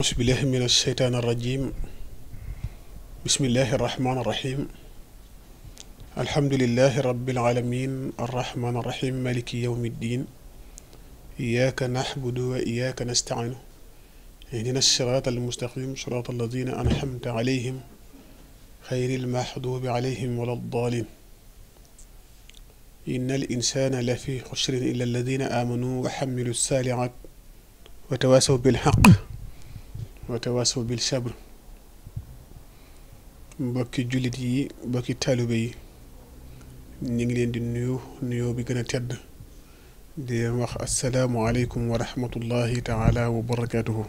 auzu billahi min alsheytaan arrajim bismillahi arrahman arrahim alhamdulilahi rabbil alamin arrahman arrahim maliki yawmi ddin iyyaka na'budu wa iyyaka nasta'inu ihdina sirata almustaqim sirata alladina an'amta alayhim xayri almaxdubi alayhim wala ddaalin inna al insana la fi xusrin illa alladina amanu wa xamilu saalihat wa tawasaw bilxaq wa tawasaw bil sabr mbokki jullit yi mbokki taalibe yi ñu ngi leen di nuyu nuyoo bi gën a tedd di leen wax asalaamualeykum wa rahmatullahi taala wa barakatuhu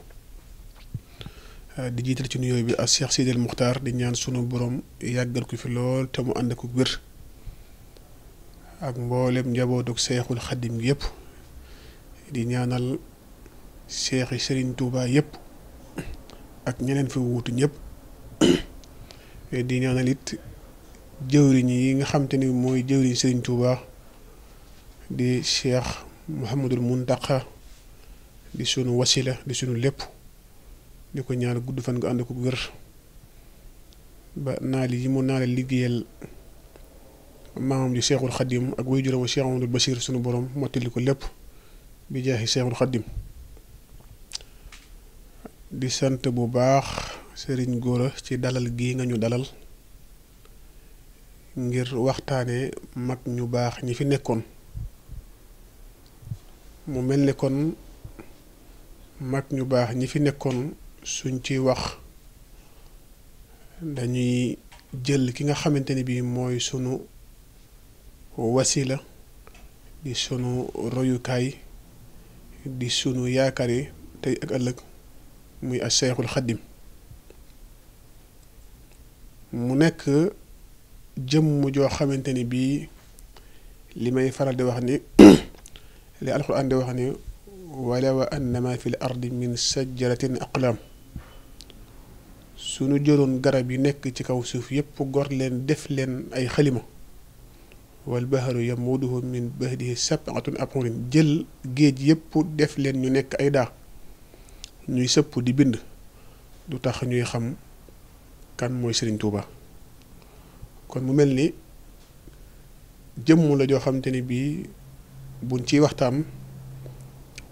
di jiital ci nuyoo bi ak Cheikh Sidil Muxtaar di ñaan sunu borom yàggal ko fi lool te mu ànd ak wér ak mboolem njabootug Seexul Xaddim yépp di ñaanal seexi Serigne Touba yépp ak ñeneen fi wuutu ñëpp di ñaanal it jëwriñ yi nga xam ni mooy jëwriñ Serigne Touba di Cheikh Mouhamadul Mountakha di sunu wasila di sunu lépp di ko ñaan gudd fan nga ànd ko wér ba naal yi mu naale liggéeyal maamam ji Cheikhul Khadim ak way juróom Cheikh Amadou Bachir sunu borom mottali ko lépp bi jaaxi Cheikhul Khadim di sant bu baax sëriñ góora ci dalal gii nga ñu dalal ngir waxtaanee mag ñu baax ñi fi nekkoon mu mel ni kon mag ñu baax ñi fi nekkoon suñ ci wax dañuy jël ki nga xamante ni bii mooy sunu wasila di sunu royukaay di sunu yaakaar yi tey ak ëllëg. muy a Cheikhul Xadim mu nekk jëmm joo xamante ni bii li may faral di wax ni li alxuraan di wax ni wa annama fi l ardi min sajaratin aqlaam suñu jëloon garab yi nekk ci kaw suuf yépp gor leen def leen ay xalima wal baharu yamuduhu min bahdihi sab'atun abhurin jël géej yépp def leen ñu nekk ay daa ñuy sëpp di bind du tax ñuy xam kan mooy Serigne Touba kon mu mel ni jëmm la joo xamante ni bii buñ ci waxtaan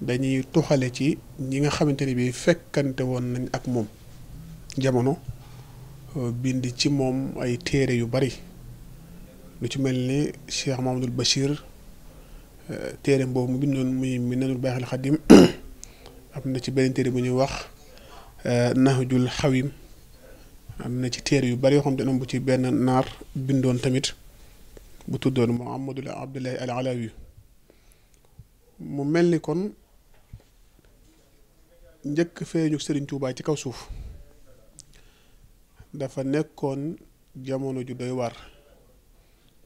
dañuy toxale ci ñi nga xamante ni bii fekkante woon nañ ak moom jamono euh, bind ci moom ay téere yu bari lu ci mel ni Cheikh Mamadou Bachir euh, téere boobu mu bindoon muy mi nenul baaxil xadim am na ci beneen téere bu ñuy wax euh, Nahjul Xawim am na ci téere yu bari yoo xam te am bu ci benn naar bindoon tamit bu tuddoon am madul Abdullahi al Alawi mu mel ni kon njëkk feeñu Serigne Touba ci kaw suuf dafa nekkoon jamono ju doy war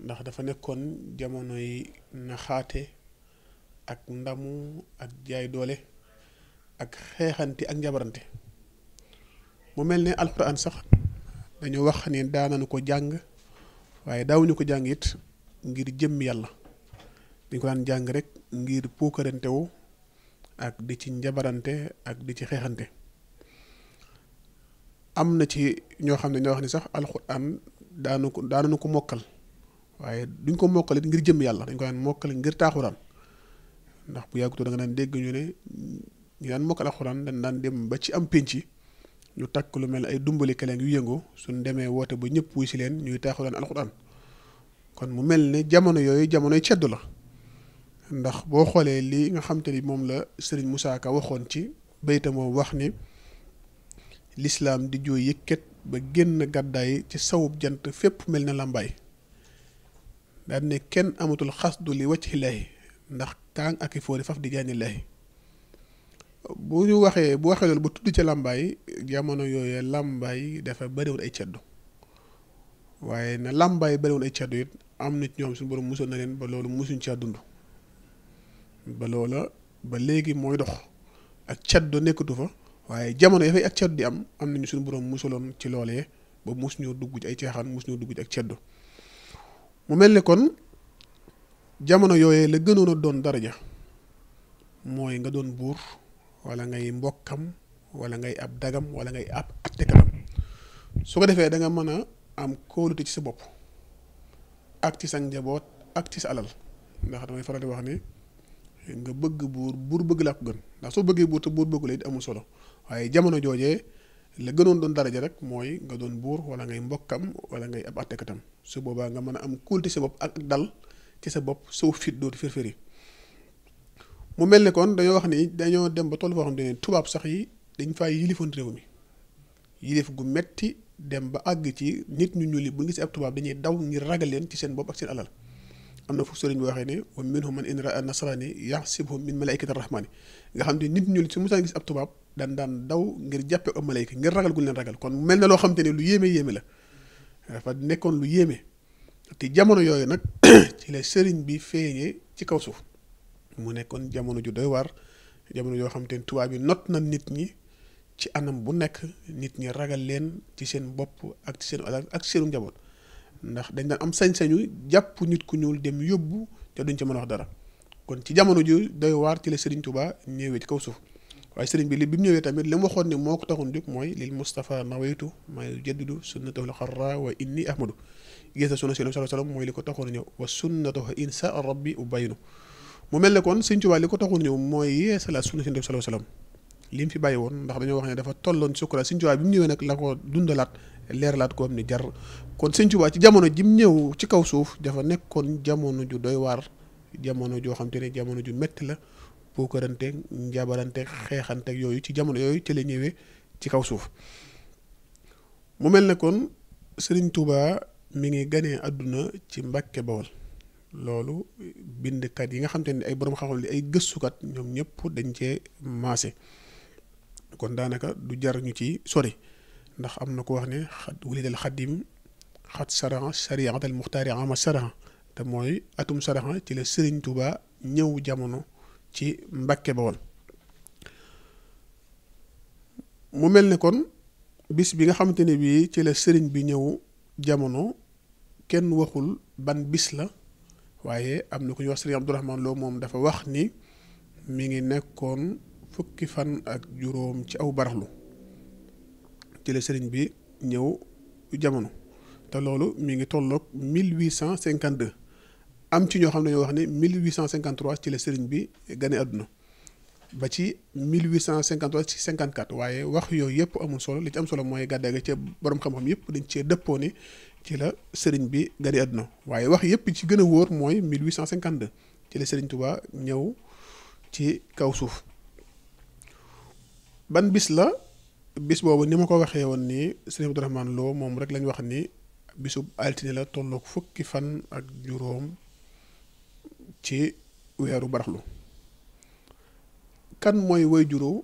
ndax dafa nekkoon jamono yi naxaate ak ndamu ak jaay doole ak xeexante ak njabarante mu mel ni alquran sax dañu wax ni daanañu ko jàng waaye daawuñu ko jàng it ngir jëm yàlla dañ ko daan jàng rek ngir puukarante wu ak di ci njabarante ak di ci xeexante am na ci ñoo xam ne ñoo wax ni sax alquran daanu ko daanañu ko mokkal waaye duñ ko mokkal it ngir jëm yàlla dañ ko daan mokkal ngir taaxuraan ndax bu yàggutu da daan dégg ñu ne ñu daan mokkal alxuraan dañ daan dem ba ci am pénc ñu takk lu mel ay dumbali keleng yu yëngoo suñ demee woote ba ñëpp wuy si leen ñuy taaxu daan alxuraan kon mu mel ni jamono yooyu jamonoy ceddu la ndax boo xoolee lii nga xam te ni moom la sëriñ Moussa Ka waxoon ci bayta moom wax ni lislaam di jooy yëkkat ba génn gàddaay ci sawub jant fépp mel na làmbaay daan ne kenn amatul xas du li wacc lay ndax kaang ak i foori faf di jaani lay bu ñu waxee bu waxee loolu ba tudd ci làmbaay jamono yooyee làmbaay dafa bëriwul ay ceddu waaye na làmbaay bëriwul ay ceddu it am na ci ñoom suñu borom musoon na leen ba loolu musuñ caa dund ba loola ba léegi mooy dox ak ceddu nekkatu fa waaye jamono dafay ak ceddu am am nañu suñu borom musaloon ci loolee ba mus ñoo dugg ci ay caaxaan mus ñoo dugg ci ak ceddu mu mel ni kon jamono yooyee la gënoon a doon daraja mooy nga doon buur. wala ngay mbokkam wala ngay ab dagam wala ngay ab attekatam su ko defee da mën a am kóolute ci sa bopp ak ci sa njaboot ak ci sa alal ndax damay faral di wax ne nga bëgg buur buur bëgg laa gën ndax soo bëggee buur buur bëggu la amul solo waaye jamono joojee la gënoon doon daraja rek mooy nga doon buur wala ngay mbokkam wala ngay ab attekatam su boobaa nga mën a am kóolute sa bopp ak dal ci sa bopp soo fit dootu firfiri mu mel ne kon dañoo wax ni dañoo dem ba toll foo xam ne tubaab sax yi dañ fay yilifoon réew mi yilif gu metti dem ba àgg ci nit ñu ñuul yi bu ngi si ab tubaab dañuy daw ngir ragal leen ci seen bopp alal am na foofu sëriñ bi waxee ne wa minhum man in raa nasrani yaxsibhum min malaikati rahmani nga xam ne nit ñuul su musaan gis ab tubaab daan daan daw ngir jàppe ab malayka ngir ragal gu leen ragal kon mel na loo xam te ne lu yéeme yéeme la dafa nekkoon lu yéeme te jamono yooyu nag ci la sëriñ bi feeñee ci kaw suuf mu nekkoon jamono ju doy waar jamono joo xam te ne tubaab yi not na nit ñi ci anam bu nekk nit ñi ragal leen ci seen bopp ak ci seen alal ak seenu njaboot ndax dañ daan am sañ-sañu jàpp nit ku ñuul dem yóbbu te duñ ci mën a wax dara kon ci jamono ju doy waar ci la Serigne Touba ñëwee ci kaw suuf waaye Serigne bi li bi mu ñëwee tamit li mu waxoon ne moo ko taxoon jóg mooy lil Moustapha nawaytu ma du sunnatahu al-xarra wa inni ahmadu gis na sunna sallallahu alayhi wa sallam mooy li ko taxoon ñëw wa sunnatahu insa rabbi ubayinu mu mel ne kon Sëñ Tuubaa li ko ñëw mooy yeesalaat sunna Yonent bi sallallahu alayhi li mu fi bàyyi woon ndax dañoo wax ne dafa tolloon sukuraat Sëñ Tuubaa bi mu ñëwee dundalaat leeralaat ko am ni jar kon Sëñ Tuubaa ci jamono ji mu ñëw ci kaw suuf dafa nekkoon jamono ju doy waar jamono joo xam te jamono ju métti la puukarante njabarante xeexante yooyu ci jamono yooyu ci la ñëwee ci kaw suuf mu mel ne kon Sëriñ Tuubaa mi ngi ganee àdduna ci Mbàkke Bawol loolu bindkat yi nga xam te ay borom xam li ay gëstukat ñoom ñëpp dañ cee maase kon daanaka du jar ñu ci sori ndax am na ko wax ne xat wulidal xadim xat saraxa sariatal muxtaari ama saraxa te mooy atum saraxa ci la Sëriñ Tuuba ñëw jamono ci Mbàkke Bawol mu mel ne kon bis bi nga xamante ne bii ci la sëriñ bi ñëw jamono kenn waxul ban bis la waaye am na ku ñuy wax sëriñ Abdourahman Lo moom dafa wax ni mi ngi nekkoon fukki fan ak juróom ci aw baraxlu ci la sëriñ bi ñëw jamono te loolu mi ngi tolloog 1852 am ci ñoo xam ne dañoo wax ni 1853 ci la sëriñ bi gane àdduna ba ci 1853 ci 54 waaye wax yooyu yëpp amul solo li ci am solo mooy gàddaa ga ca borom xam-xam yëpp dañ cee dëppoo ni ci la sëriñ bi gane àdduna waaye wax yëpp ci gën a wóor mooy 1852 ci la sëriñ Touba ñëw ci kaw suuf ban bis la bis boobu ni ma ko waxee woon ni sëriñ Abdourahmane Lo moom rek lañ wax ni bisub altine la tolloog fukki fan ak juróom ci weeru baraxlu kan mooy way juru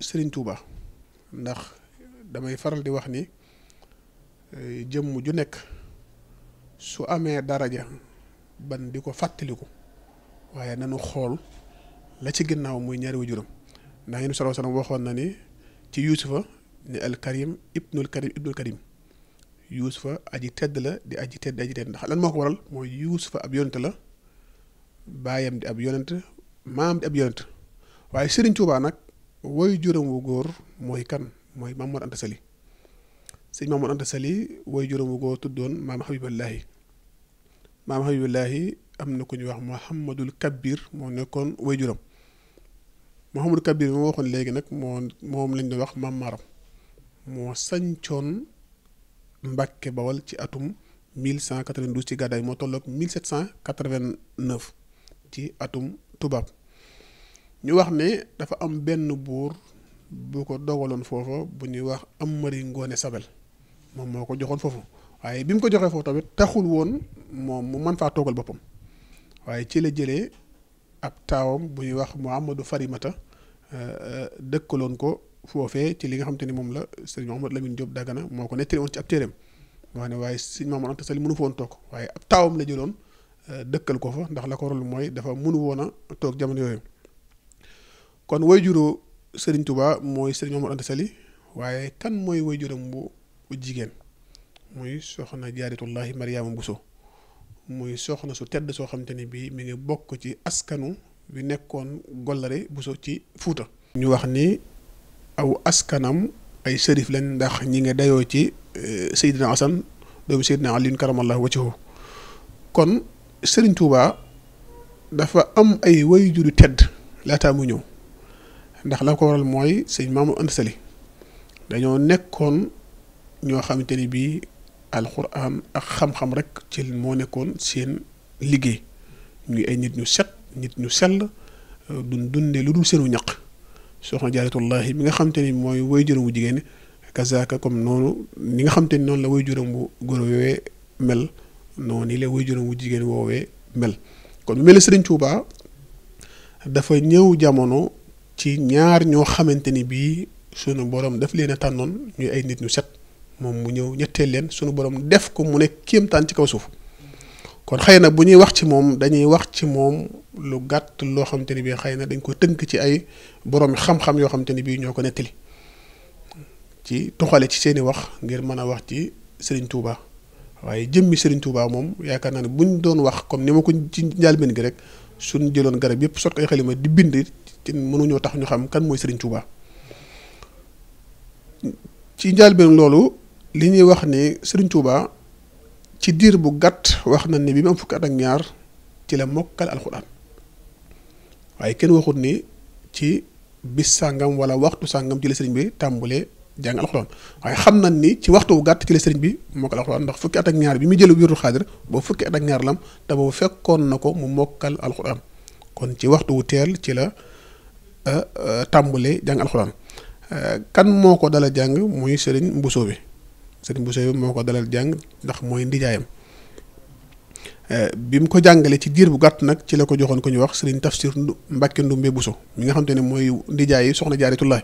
sëriñ Touba ndax damay faral di wax ni Eh, jëmm ju nekk su amee daraja ban di ko fàttaliku waaye nanu xool la ci ginnaaw muy ñaari juróom ndax yéen sallallahu alayhi wasallam waxoon na ni ci yuusufa ni al karim ibnul karim ibnul karim yuusufa aji tedd la di aji tedd aji ndax lan moo ko waral mooy yuusufa ab yonent la baayam di ab yonent maam di ab yonent waaye Serigne Touba nag woy juram wu góor mooy kan mooy Maam Mor Anta Sali sëñ Mamour Anta Sali way juróomu goo tuddoon maam Habibullahi maam Habibullahi am na ku ñuy wax Mouhamadul Kabir moo nekkoon way juróom Mouhamadul Kabir bi ma waxoon léegi nag moo moom lañ doon wax maam Maram moo sañcoon Mbàkke Bawal ci atum 1192 ci gàddaay moo tolloog 1789 ci atum tubaab ñu wax ne dafa am benn buur bu ko dogaloon foofa bu ñuy wax Amari Ngoone Sabel moom moo ko joxoon foofu waaye bi mu ko joxee foofu tamit taxul woon moom mu mën faa toogal boppam waaye ci la jëlee ab taawam bu ñuy wax Mouhamadou Farimata euh, euh, dëkkaloon ko foofee ci li nga xam te ni moom la sëriñ Mouhamadou Lamine Diop Dagana moo ko nettali woon ci ab téeréem ne waaye si Maam Mor Anta Sali mënu fa woon toog waaye ab taawam la jëloon euh, dëkkal ko fa ndax la ko waral mooy dafa mënu woon a toog jamono yooyu kon way sëriñ tubaa mooy sëriñ Maam Mor Anta waaye kan mooy way juram bu jigéen muy soxna jaaritullahi Mariama Bousso muy soxna su tedd soo xamante ni bii mu ngi bokk ci askanu bi nekkoon Gollare Bousso ci Fuuta ñu wax ni aw askanam ay sërif lañ ndax ñi nga dayoo ci eh, Seydina Asan doomu Seydina Aliyun karamallahu wajhahu kon Serigne Touba dafa am ay waajur yu tedd laataa mu ñëw ndax la ko waral mooy sëñ Maam Anta Sali dañoo nekkoon ñoo xamante ni bii alxuraan ak xam-xam rek ci moo nekkoon seen liggéey ñuy ay nit ñu set nit ñu sell duñ dunde lu dul seenu ñaq soxna jaaratullahi mi nga xamante ni mooy way juróom jigéen kazaaka comme noonu ni nga xamante ni noonu la way juróom bu góor woowee mel noonu la way juróom wu jigéen woowee mel kon mel Sëriñ Tuubaa dafa ñëw jamono ci ñaar ñoo xamante ni bii sunu borom daf leen a tànnoon ñuy ay nit ñu set moom mu ñëw ñettee leen sunu borom def ko mu ne kéemtaan ci kaw suuf kon xëy na bu ñuy wax ci moom dañuy wax ci moom lu gàtt loo xam te ni bii xëy na dañ ko tënk ci ay borom xam-xam yoo xam te ni bii ñoo ko nettali ci tuxale ci seeni wax ngir mën a wax ci sëriñ Touba waaye jëmmi Serigne Touba moom yaakaar naa ne buñ doon wax comme ni ma ko ci njàlbeen gi rek suñ jëloon garab yëpp sot ko ay xalima di bind ci mënuñoo tax ñu xam kan mooy Serigne Touba ci njàlbeen loolu. li ñuy wax ni sëriñ Touba ci diir bu gàtt wax na ni bi mu am fukki at ak ñaar ci la mokkal alxuraan waaye kenn waxut ni ci bis sàngam wala waxtu sàngam ci la sëriñ bi tàmbule jàng alxuraan waaye xam na ni ci waxtu wu gàtt ci la sëriñ bi mokkal alxuraan ndax fukki at ak ñaar bi mu jël wirdu xaadir boobu fukki at ñaar lam te boobu fekkoon na ko mu mokkal alxuraan kon ci waxtu wu teel ci la euh, euh, tàmbulee jàng alxuraan euh, kan moo ko dala jàng muy sëriñ Mbuso bi sëriñ Bousso bi moo ko dalal jàng ndax mooy ndijaayam eh, bi mu ko jàngalee ci diir bu gàtt nag ci la ko joxoon ko ñu wax sëriñ Tafsir Mbàkke Ndumbe Bousso mi nga xam ne mooy ndijaay yi soxna Jaaratullaah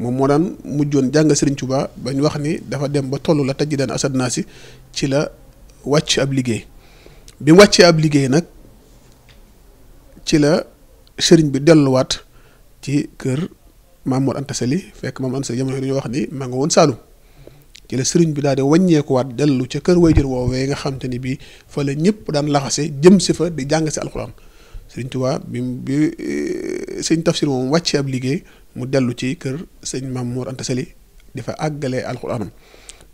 moom moo daan mujjoon jàng sëriñ Tuubaa ba ñu wax ni dafa dem ba tollu la taj daan asad naa si ci la wàcc ab liggéey bi mu wàccee ab liggéey nag ci la sëriñ bi delluwaat ci kër Maam Mor Anta Sali fekk Maam Anta Sali jamono yi dañoo wax ni maa nga ci sëriñ bi daal di wàññeekuwaat dellu ca kër way wayjur woowee nga xam te ni bii fa la ñëpp daan laxase jëm si fa di jàng si alxuraan sëriñ Tuubaa bi bi eh, sëñ tafsir moom liggéey mu dellu ci kër sëñ Mamour Anta Sali àggalee alxuraanam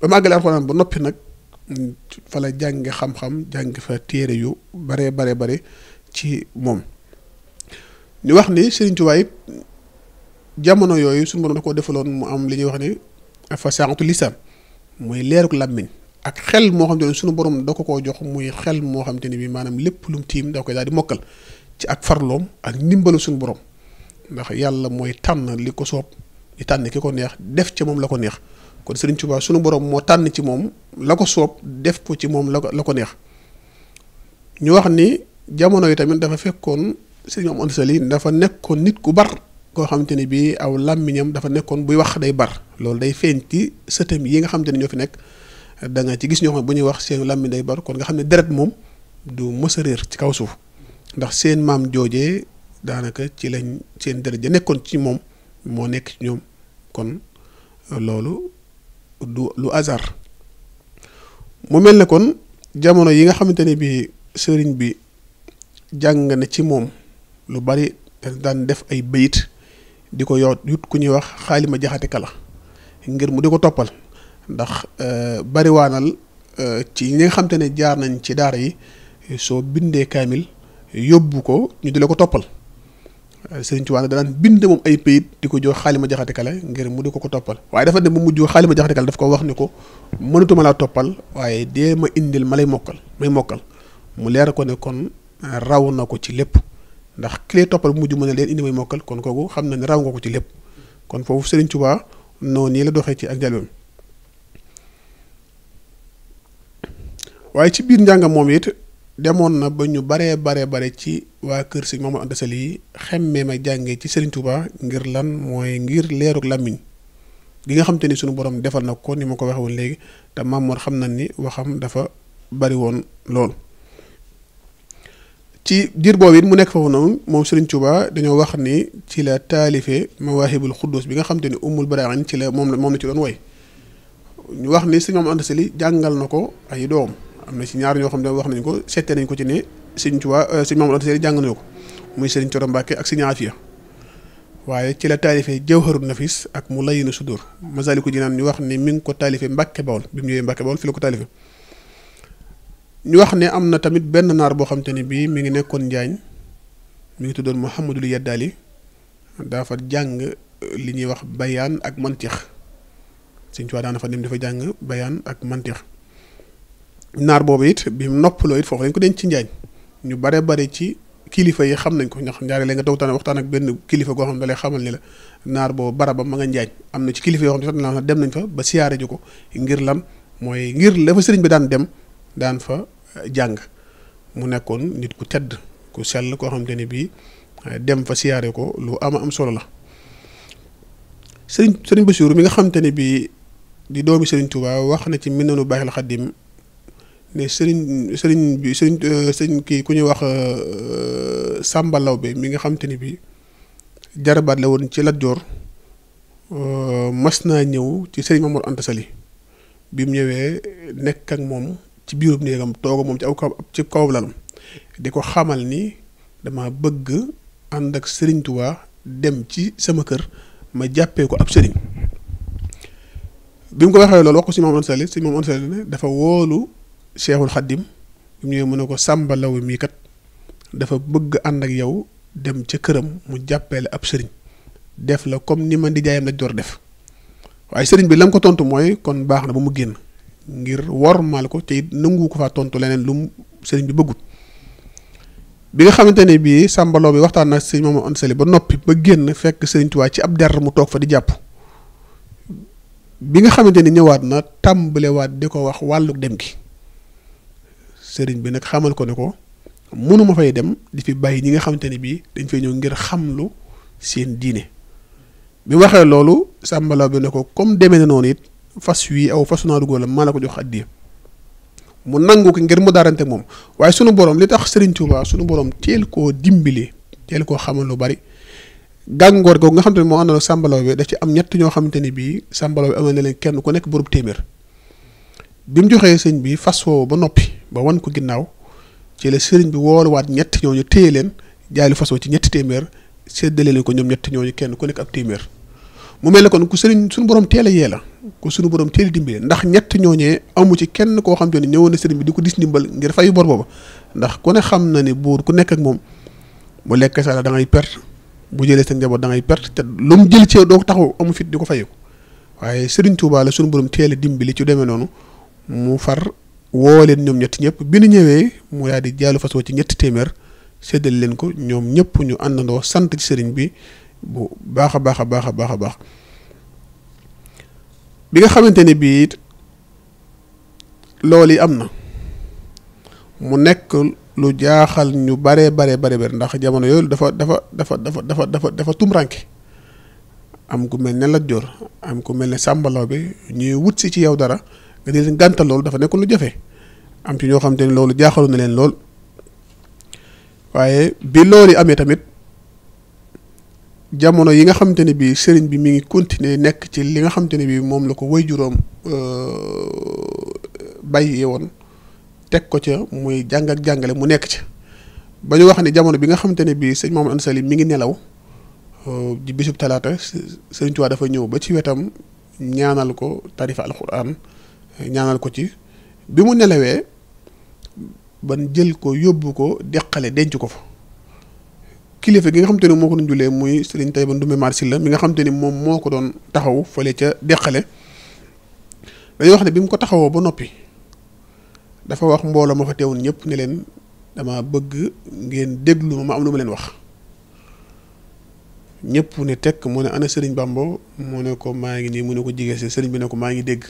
ba mu àggalee alxuraanam ba noppi nag fa la jàng xam-xam jàng fa téere yu bare bare bare ci moom ñu wax ni sëriñ Tuubaa jamono yooyu suñu borom da koo defaloon mu am li ñuy wax ni fasaanatu lisaan muy leeruk làmmiñ ak xel moo xam te ne sunu borom da ko koo jox muy xel moo xam te ne bi maanaam lépp lum tiim da koy daal di mokkal ci ak farloom ak ndimbalu suñu borom ndax yàlla mooy tànn li ko soob di tànn ki ko neex def ca moom la ko neex kon Sëriñ Tuubaa sunu borom moo tànn ci moom la ko soob def ko ci moom la la ko neex ñu wax ni jamono yi tamit dafa fekkoon Sëriñ Amadu Sali dafa nekkoon nit ku bar koo xamante ni bii aw làmmiñam dafa nekkoon buy wax day bar loolu day feeñ ci sëtam yi nga xamante ni ñoo fi nekk danga nga ci gis ñoo xam ne bu ñuy wax seen làmmiñ day bar kon nga ne deret moom du mës réer ci kaw suuf ndax seen maam joojee daanaka ci lañ seen deret nekkoon ci moom moo nekk ci ñoom kon loolu du lu hasard mu mel ne kon jamono yi nga xamante ne bii sëriñ bi jàng na ci moom lu bari daan def ay bayit di ko yoot yut ku ñuy wax xaalima jaxati kala ngir mu di ko toppal ndax euh, bariwaanal euh, ci ñi nga xam ne jaar nañ ci daara yi soo bindee kaamil yóbbu ko ñu di la ko toppal euh, Sëriñ Tuubaa nag danaan bind moom ay payit di ko jox xaalima jaxati kala ngir mu di ko ko toppal waaye dafa dem mu mujj xaalima jaxati kala daf ko wax ni ko mënatuma laa toppal waaye dee ma indil ma lay mokkal may mokkal mu leer ko ne kon raw na ko ci lépp ndax clé toppal bu mujj mën a leen indi may mokkal kon kooku xam na ne raw nga ko ci lépp kon foofu Serigne Touba noonu nii la doxee ci ak jaloom waaye ci biir njàngam moom it demoon na ba ñu baree bare bare ci waa kër si Mamadou Anta Sali yi xemmee ma jàngee ci Serigne tubaa ngir lan mooy ngir leeruk làmmiñ gi nga xam te ni sunu borom defal na ko ni ma ko waxee woon léegi te Mamour xam na ni waxam dafa bari woon lool. ci diir boobu it mu nekk foofu noonu moom Serigne Touba dañoo wax ni ci la taalife mawaahibul xuddus bi nga xam te ni umul baraaxin ci la moom la moom la ci doon woy ñu wax ni Serigne Mame Anta Saly jàngal na ko ay doom am na ci ñaar ñoo xam ne wax nañ ko seetee nañ ko ci ne Serigne Touba euh, Serigne Mame Anta Saly jàng nañu ko muy Serigne Thioro Mbacké ak Serigne Afia waaye ci la taalife jawharun nafis ak mu layinu sudur masaliku jinaan ñu wax ni mi ngi ko taalife Mbacké Bawol bi mu ñëwee Mbacké Bawol fi la ko taalife ñu wax ne am na tamit benn naar boo xam te bii mi ngi nekkoon njaañ mi ngi tuddoon Mouhamadul Yaddaali dafa jàng eh, li ñuy wax bayaan ak mantix suñ tuwaa daana fa dem dafa jàng bayaan ak mantix naar boobu it bi noppaloo it foofu lañ ko denc ci njaañ ñu bare bare ci kilifa yi xam nañ ko ndax ñaari léegi nga tawtaan waxtaan ak benn kilifa goo xam ne da lay xamal ni la naar boobu barabam ma nga njaañ am na ci kilifa yoo xam ne dem nañ fa ba siyaare ji ko ngir lan mooy ngir la fa sëriñ bi daan dem daan fa eh, jàng mu nekkoon nit ku tedd ku sell koo xam te ne bii eh, dem fa siyaare ko lu ama am solo la sëriñ sëriñ Bassirou mi nga xam ne bii di doomi sëriñ Touba wax na ci Minanul Baaqil Xadiim ne sëriñ sëriñ bi sëriñ eh, sëriñ kii ku ñuy wax sàmbalaw bi mi nga xam te ne bii jarabaat la woon ci Lat Joor mas naa ñëw ci sëriñ Mamoor Anta Sali bi mu ñëwee nekk ak moom ci biirub néegam tooga moom ci aw kaw ci kaw lalam di ko xamal ni dama bëgg ànd ak sëriñ Tuubaa dem ci sama kër ma jàppee ko ab sëriñ bi mu ko waxee loolu wax ko si moom Ansali si moom Ansali ne dafa woolu Cheikhul Xaddim bi mu ñëwee ne ko Sàmba Law mii kat dafa bëgg ànd ak yow dem ca këram mu jàppee la ab sëriñ def la comme ni ma ndijaayam la door def waaye sëriñ bi lam ko tontu mooy kon baax na ba mu génn ngir wormaal ko te nangu ko faa tontu leneen lu mu sëriñ bi bëggut bi nga xamante ne bii sàmbaloo bi waxtaan na sëriñ Mamadou Anta ba noppi ba génn fekk sëriñ Tuubaa ci ab der mu toog fa di jàpp bi nga xamante ni ñëwaat na tàmbalewaat di ko wax wàllu dem gi sëriñ bi nag xamal ko ne ko mënuma fay dem di fi bàyyi ñi nga xamante ne bii dañ fay ñëw ngir xam lu seen diine bi waxee loolu sàmbaloo bi ne ko comme demee na noonu it fas wi aw fasu naa dugoo la maa la ko jox addiya mu nangu ko ngir mu daarante moom waaye sunu borom li tax Serigne Touba sunu borom teel koo dimbali teel koo xamal lu bari gàngoor googu nga xam te ne moo àndal ak sàmbalaw bi da ci am ñett ñoo xamante ni bii sàmbalaw bi amal na leen kenn ku nekk borub téeméer bi mu joxee sëñ bi fas ba noppi ba wan ko ginnaaw ci la sëriñ bi wooluwaat ñett ñooñu téye leen jaay lu ci ñetti téeméer séddale ko ñoom ñett ñooñu kenn ku nekk ab téeméer mu mel ne kon ku sëriñ suñu borom teel a yee la ku sunu borom teel dimbale ndax ñett ñooñee amu ci kenn koo xam te ne ñëwoon na sëriñ bi di ko dis ndimbal ngir fayu bor booba ndax ku ne xam na ne buur ku nekk ak moom bu lekk sa la da ngay perte bu jëlee sa njaboot da ngay perte te lu mu jël ci doo taxaw amu fit di ko fayeeku waaye sëriñ Touba la sunu borom teel dimbali ci demee noonu mu far woo leen ñoom ñett ñëpp bi nu ñëwee mu daal di jaalu fasoo ci ñetti téeméer seddale leen ko ñoom ñëpp ñu àndandoo sant ci bi bu baax a baax a baax a baax a baax bi nga xamante ne bii lool yi am na mu nekk lu jaaxal ñu bare bare bare bare ndax jamono yooyu dafa dafa dafa dafa dafa dafa dafa tumranke am ku mel ne la Joor am ku mel ne Sàmba bi ñuy wut si ci yow dara nga di leen gàntal loolu dafa nekk lu jafe am ci ñoo xamante ni loolu jaaxalu na leen lool waaye bi loolu amee tamit jamono yi nga xamante ne bii sëriñ bi mi ngi continuer nekk ci li nga xamante ne bii moom la ko way juróom euh, bàyyi woon teg ko ca muy jàng jàngale mu nekk ci ba ñu wax ne jamono bi nga xamante ne bii sëñ Mamadou Anta Sali mi ngi nelaw euh, di bisub talaata sëriñ Tuubaa dafa ñëw ba ci wetam ñaanal ko tarifa alquran ñaanal ko ci bi mu nelawee ba jël ko yóbbu ko deqale denc ko fa. kilifa gi nga xamante ni moo ko doon jullee muy Serigne Taïba Ndoumé Mar Sylla mi nga xamante ni moom moo ko doon taxaw fële ca deqale dañuy wax ne bi mu ko taxawoo ba noppi dafa wax mbooloo ma fa teewoon ñëpp ne leen dama bëgg ngeen déglu ma ma am lu ma leen wax ñëpp ne tekk mu ne ana sëriñ Bamba mu ne ko maa ngi nii mu ne ko jigéen si Serigne bi ne ko maa ngi dégg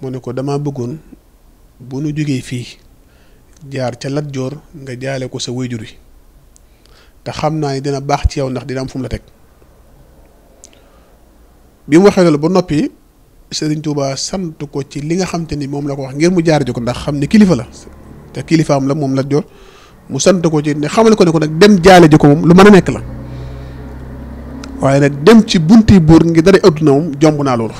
mu ne ko damaa bëggoon bu nu jógee fii jaar ca Lat Joor nga jaale ko sa wayjur wi te xam naa ni dina baax ci yow ndax dina am fu mu la teg bi mu waxee loolu ba noppi sëriñ Touba sant ko ci li nga xam te ni moom la ko wax ngir mu jaar ji ko ndax xam ni kilifa la te kilifaam la moom la jot mu sant ko ci ne xamal ko ne ko nag dem jaale ji ko moom lu mën a nekk la waaye nag dem ci bunti buur ngi dara adduna moom jomb naa loolu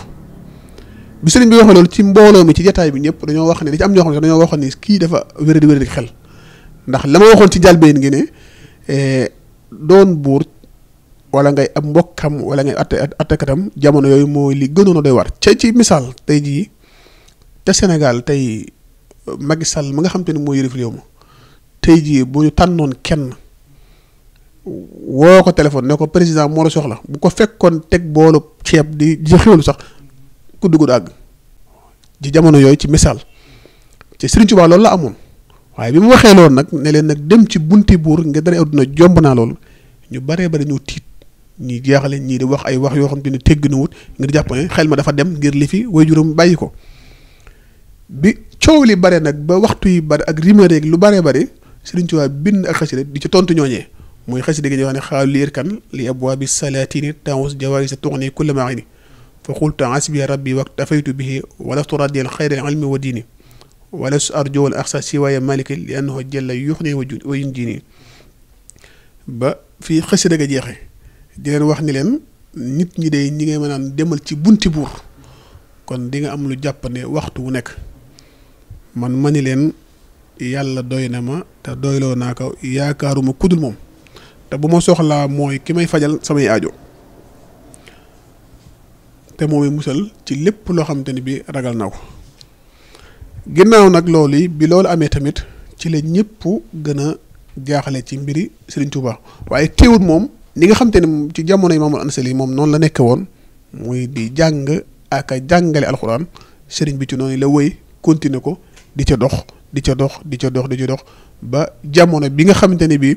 bi sëriñ bi waxee loolu ci mbooloo mi ci jataay bi ñëpp dañoo wax ne li ci am ñoo xam ne dañoo waxoon ni kii dafa wéradi wéradi ndax la ma waxoon doon buur wala ngay ab mbokkam wala ngay atte attekatam jamono yooyu mooy li gënoon a doy war ca ci misaal tey jii te Sénégal tey Macky Sall ma nga xam te ni moo yërif réew ma tey jii bu ñu tànnoon kenn woo ko téléphone ne ko président moo la soxla bu ko fekkoon teg boolu ceeb di di xéwlu sax ku dugg àgg ci jamono yooyu ci misaal ci Serigne Touba loolu la amoon. waaye bi mu waxee loolu nag ne leen nag dem ci bunti buur nga dara adduna jomb naa loolu ñu baree bari ñu tiit ñi jaaxle ñii di wax ay wax yoo xam te ne tegg na wut ngir jàpp xel ma dafa dem ngir li fi way juróom bàyyi ko bi coow li bare nag ba waxtu yi bare ak rumeur lu baree bari Sëriñ Tuubaa bind ak xasida ci tontu ñooñee mooy xasida gi di wax ne xaalu liir kan li abwaabi salaatini taawus jawaari sa tuxni kulla marini fa qultu asbi rabbi waqt afaytu bihi walaftu radiyal xayral ilmi wa diini wala su arju wal axsa siwaaya maliki li annahu jalla yux nii wa yunjini ba fii xasida ga jeexe di leen wax ni leen nit ñi de ñi ngay mën naan demal ci bunti buur kon di nga am lu jàppande waxtu wu nekk man ma ni leen yàlla doy na ma te doyloo naa ko yaakaaruma kudul moom te bu ma soxlaa mooy ki may fajal samay aajo te moomay musal ci lépp loo xamante ni bi ragal naa ko ginnaaw nag loolu yi bi loolu amee tamit ci la ñëpp gën a jaaxale ci mbiri Serigne Touba waaye teewut moom li nga xam te ne ci jamono yi Mamadou Ansali moom noonu la nekke woon muy di jàng ak a jàngale alxuraan Serigne bi ci noonu la wëy continuer ko di ca dox di ca dox di ca dox di ca dox ba jamono bi nga xamante ne bii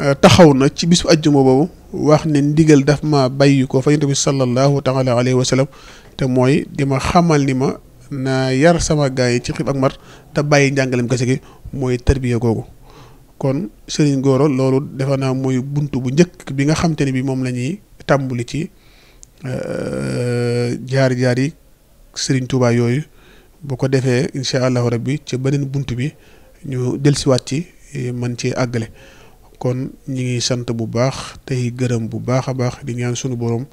euh, taxaw na ci bisu ajjuma boobu wax ne ndigal daf ma bàyyi ko fa yonent bi sallallahu taala alayhi wa sallam te mooy di ma xamal ni ma naa yar sama gars yi ci xib ak mat te bàyyi njàngalem gase gi mooy tarbiya googu kon Serigne Gora loolu defe naa mooy bunt bu njëkk bi nga xam te ne bi moom la ñuy tàmbali ci euh, jaar-jaar yi Serigne Touba yooyu bu ko defee incha allahu rabbi ci beneen bunt bi ñu dellusiwaat ci eh, mën ci àggale kon ñi ngi sant bu baax tey gërëm bu baax a baax di ñaan sunu borom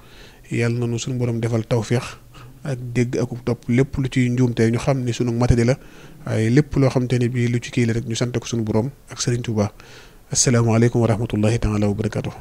yàlla na nu sunu borom defal tawféex. ak dégg ak topp lépp lu ci te ñu xam ni sunu matadi la waaye lépp loo xamante ne bii lu ci kii la rek ñu sant ko sunu borom ak Serigne Touba asalaamaaleykum wa rahmatullahi taala wa barakaatu.